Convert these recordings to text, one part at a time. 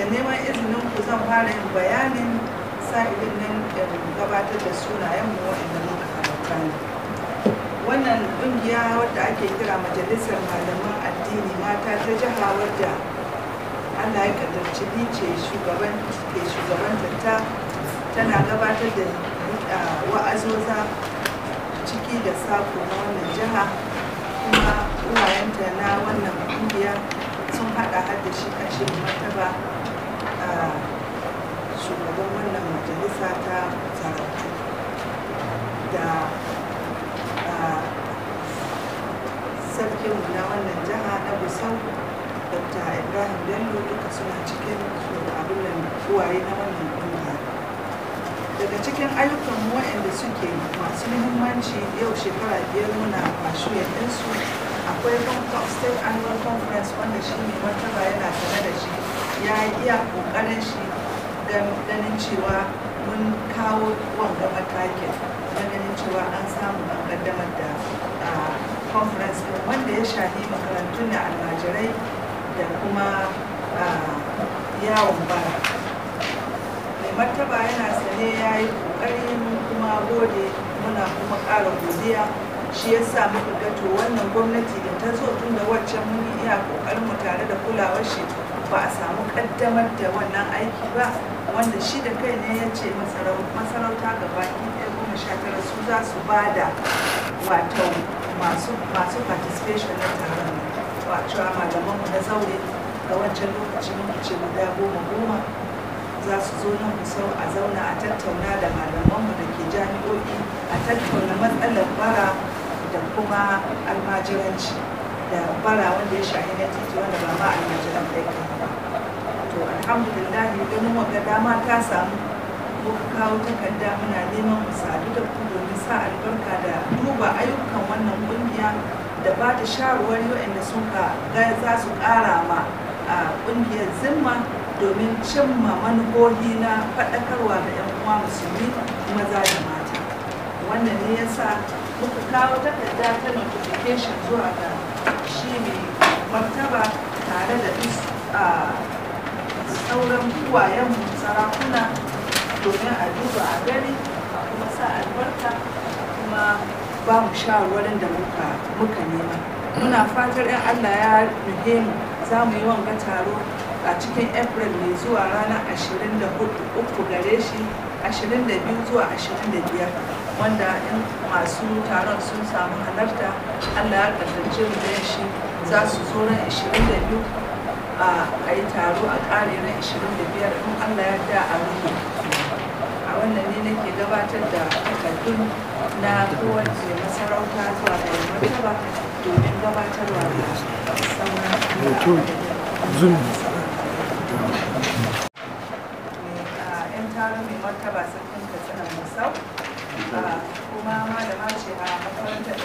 da neman izinin ku zan fara yin bayanin sa'idin nan gabatar da sunayen mu wa'anda muka halarta ne wannan ƙungiya wadda ake kira majalisar malaman addini mata ta jiha wadda allah ya kaddarci ni ce shugaban ke ta tana gabatar da wa'azoza ciki da sako na wannan jiha kuma uwayenta na wannan ƙungiya sun haɗa har da shi ƙarshen martaba shugaban wannan majalisa ta sarautu da sarkinmu na wannan jiha na busau dr ibrahim bello duka suna cikin abin da na wannan kungiya daga cikin ayyukan waɗanda suke masu muhimmanci yau shekara biyar muna kwashi yanzu akwai state annual conference wanda shi ne martaba yana iya ƙoƙarin shi don ganin cewa mun kawo wanga matakin na ganin cewa an samu an ƙaddamar da conference din wanda ya shafi makarantun da almajirai da kuma yawon bara mai martaba yana sane ya yi kokari mun kuma gode muna kuma ƙara godiya shi ya sa muka gato wannan gwamnati da ta zo tun da waccan mun iya kokarin mu tare da kulawar shi ba a samu kaddamar da wannan aiki ba wanda shi da kai ne ya ce masarauta ga baki ɗaya goma sha tara su za su ba da wato masu participation na taron wato malaman mu na zaure ga wancan lokacin mun ce guda goma goma za su zo nan sau a zauna a tattauna da malaman mu da ke jami'o'i a tattauna matsalar bara da kuma almajiranci da bara wanda ya shahi na titi wanda ba ma almajiran bai to alhamdulillah ganin wanda dama ta samu muka kawo takarda muna neman mu sadu da ku domin sa albarka da duba ayyukan wannan kungiya da ba ta shawarwari waɗanda sun ka za su ƙara ma a ƙungiyar zimma domin cimma manufofi na faɗakarwa da 'yan uwa musulmi maza da mata wannan ne yasa muku kawo takarda ta notification zuwa ga shi ne martaba tare da sauran kuwayen sarakuna domin a duba a gani a kuma sa albarka kuma ba mu shawarwarin da muka nema muna fatar 'yan allah ya nuhe mu za mu yi wanga taro a cikin april mai zuwa ranar 24 gare shi 22 zuwa 25 wanda in masu taron sun samu halarta allah ya kaddace mu da shi za su zo ran 22 a yi taro a ƙare ran 25 in allah ya da a rufe a wannan ne nake gabatar da takardun na kowace masarauta zuwa ga martaba domin gabatarwa da sauran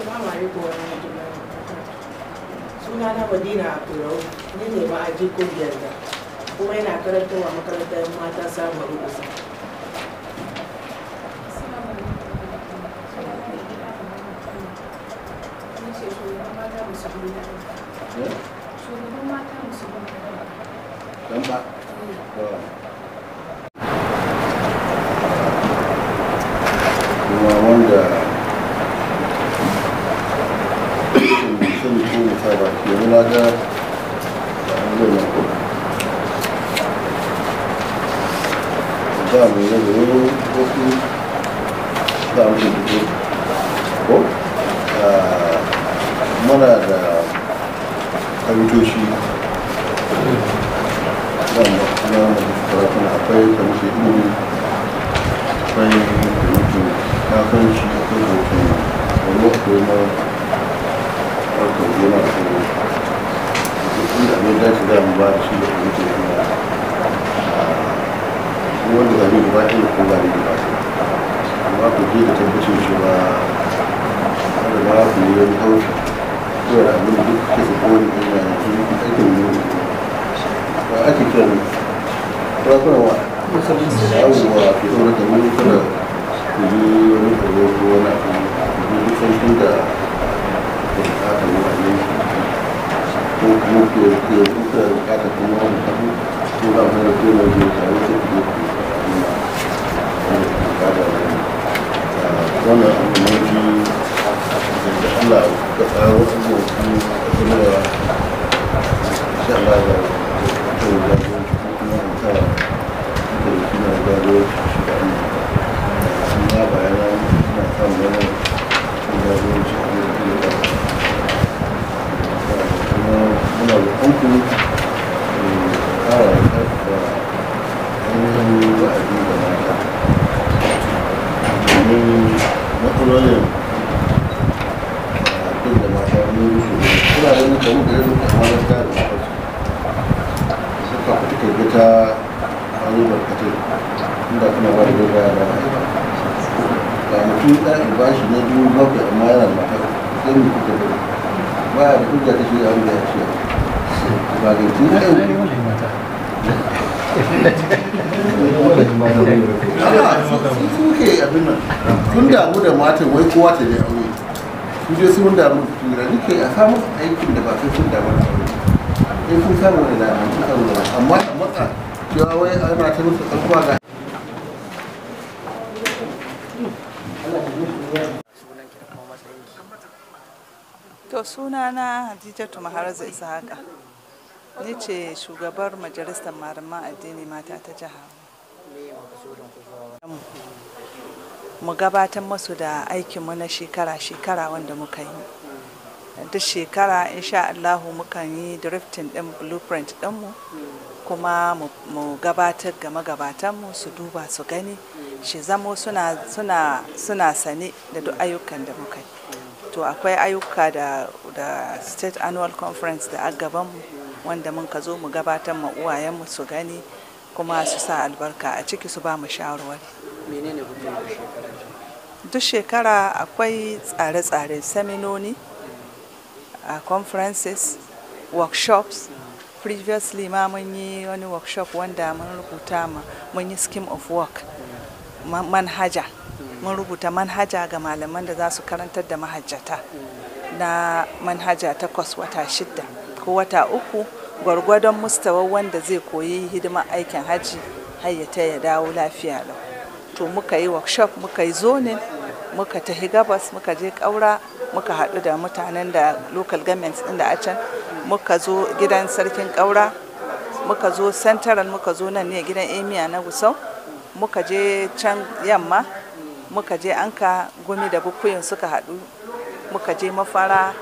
Assalamu alaikum wa rahmatullahi wa Suna na Madina Abdulrau, ni ne ma'aji ko biyar da kuma yana karantarwa makarantar mata samun rubusa. Shugaban mata musulmi. Eh? Don ba? Eh. kaga da mu yi ko ah, muna da kamitoshi da akwai kamishi ilimi akwai kamishi kasuwanci akwai kamishi wani akwai na da mu ba shi da kuma ke da ah, da wanda zai da ba ɗin da ba da ba da ku je da tabbacin da ba da ba ku yi da kawai ko da abin da duk ke da kowane ɗin da da ce aikin da ba ake da ba kuna wa da ke tsoron da da kada ku da wani kawai da wani abin da duk sarkin da da bukatar wani da move to to to at the moment tabu juga menurut gue lagi tahu sih gitu ada mana menjadi Allah tahu semua kamu semua insyaallah itu jadi kita itu kita jadi semua bayangan kita sama dengan jadi shiga ta hanyar barkatai inda kuma ba da ba ya ba ga mutum ɗan bashi na dubu bakwai amma yana da mata sai mu kuka da ba ya da hujja ta shirya abin da ya ce ba ga tun da yau suke abin nan sun damu da matan wai kowa ta da aure su je sun damu su tura nike a samu aikin da ba sai sun damu da aure sai sun samu da dama amma matsa cewa wai ana ta musu alkuwa ga to sunana hadijatu maharaza ishaqa ni ce shugabar majalisar malaman addini mata ta jiha mu gabatar masu da aikinmu na shekara-shekara wanda muka yi duk shekara insha Allahu mukan yi drifting ɗin blueprint dinmu kuma mu gabatar ga magabatan mu su duba su gani shi zamo suna, suna, sane da duk ayyukan da muka to akwai ayyuka da, da state annual conference da mu wanda mun ka zo mu gabatar ma uwayen mu su gani kuma su sa albarka a ciki su ba mu shawarwari duk shekara akwai tsare-tsare seminoni a conferences workshops previously ma mun yi wani workshop wanda mun rubuta ma mun yi scheme of work manhaja mun rubuta manhaja ga malaman da za su karantar da mahajjata na manhaja takwas wata shida ko wata uku gwargwadon mustawa wanda zai koyi hidimar aikin hajji hayyata ya ya dawo lafiya lau to muka yi workshop muka yi zonin muka tafi gabas muka je ƙaura muka haɗu da mutanen da local government ɗin da a can muka zo gidan sarkin ƙaura muka zo central muka zo nan ne gidan emia na gusau muka je can yamma muka je anka gumi da bukuyin suka haɗu muka je mafara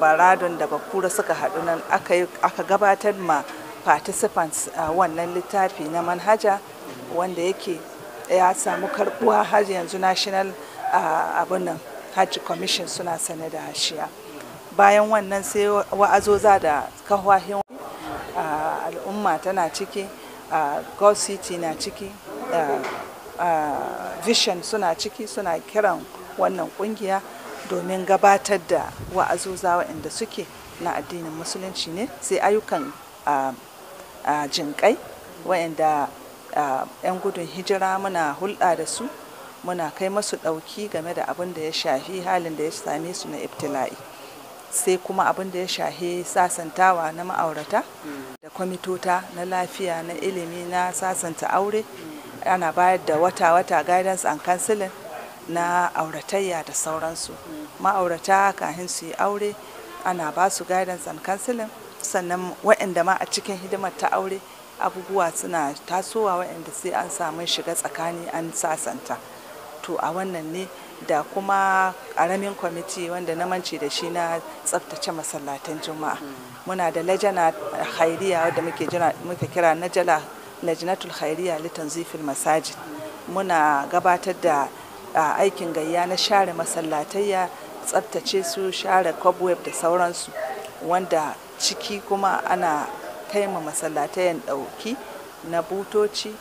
baradun da bakura suka haɗu nan aka gabatar ma participants a wannan littafi na manhaja wanda yake ya samu karɓuwa har yanzu national abin nan hajji commission suna sane da hashiya bayan wannan sai wa'azoza da kahwahin al'umma tana ciki god city na ciki vision suna ciki suna kiran wannan kungiya domin gabatar da wa'azoza waɗanda suke na addinin musulunci ne sai ayyukan jinƙai waɗanda 'yan gudun hijira muna hulɗa da su muna kai masu ɗauki game da abin da ya shafi halin da ya same su na ibtila'i sai kuma abin da ya shafi sasantawa na ma'aurata da kwamitota na lafiya na ilimi na sasanta aure ana bayar da wata-wata guidance and counseling na auratayya da sauransu ma'aurata kahin su yi aure ana ba su guidance and counseling sannan waɗanda ma a cikin hidimar ta aure abubuwa suna tasowa waɗanda sai an samu shiga tsakani an sasanta. to a wannan ne da kuma ƙaramin kwamiti wanda na mance da shi na tsabtace masallatan juma'a muna da lajana hairiya da muke kira na najala najinatul hairiya litanzifil masajid muna gabatar da aikin gayya na share masallatayya tsabtace su share cobweb da sauransu wanda ciki kuma ana taima masallatayen ɗauki na butoci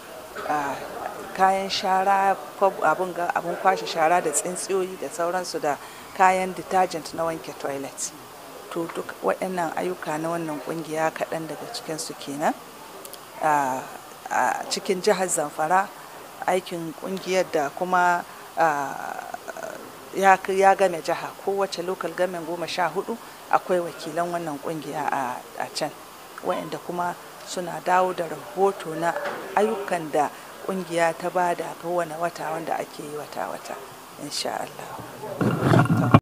kayan shara abin kwashe shara da tsintsiyoyi da sauransu da kayan detergent na wanke toilet to duk waɗannan ayyuka na wannan ƙungiya kaɗan daga cikinsu kenan a cikin jihar zamfara aikin ƙungiyar da kuma ya game jiha kowace lokal gamen goma sha hudu akwai wakilan wannan ƙungiya a can waɗanda kuma suna dawo da rahoto na ayyukan da kungiya ta bada kowane wata wanda ake yi wata-wata insha Allah.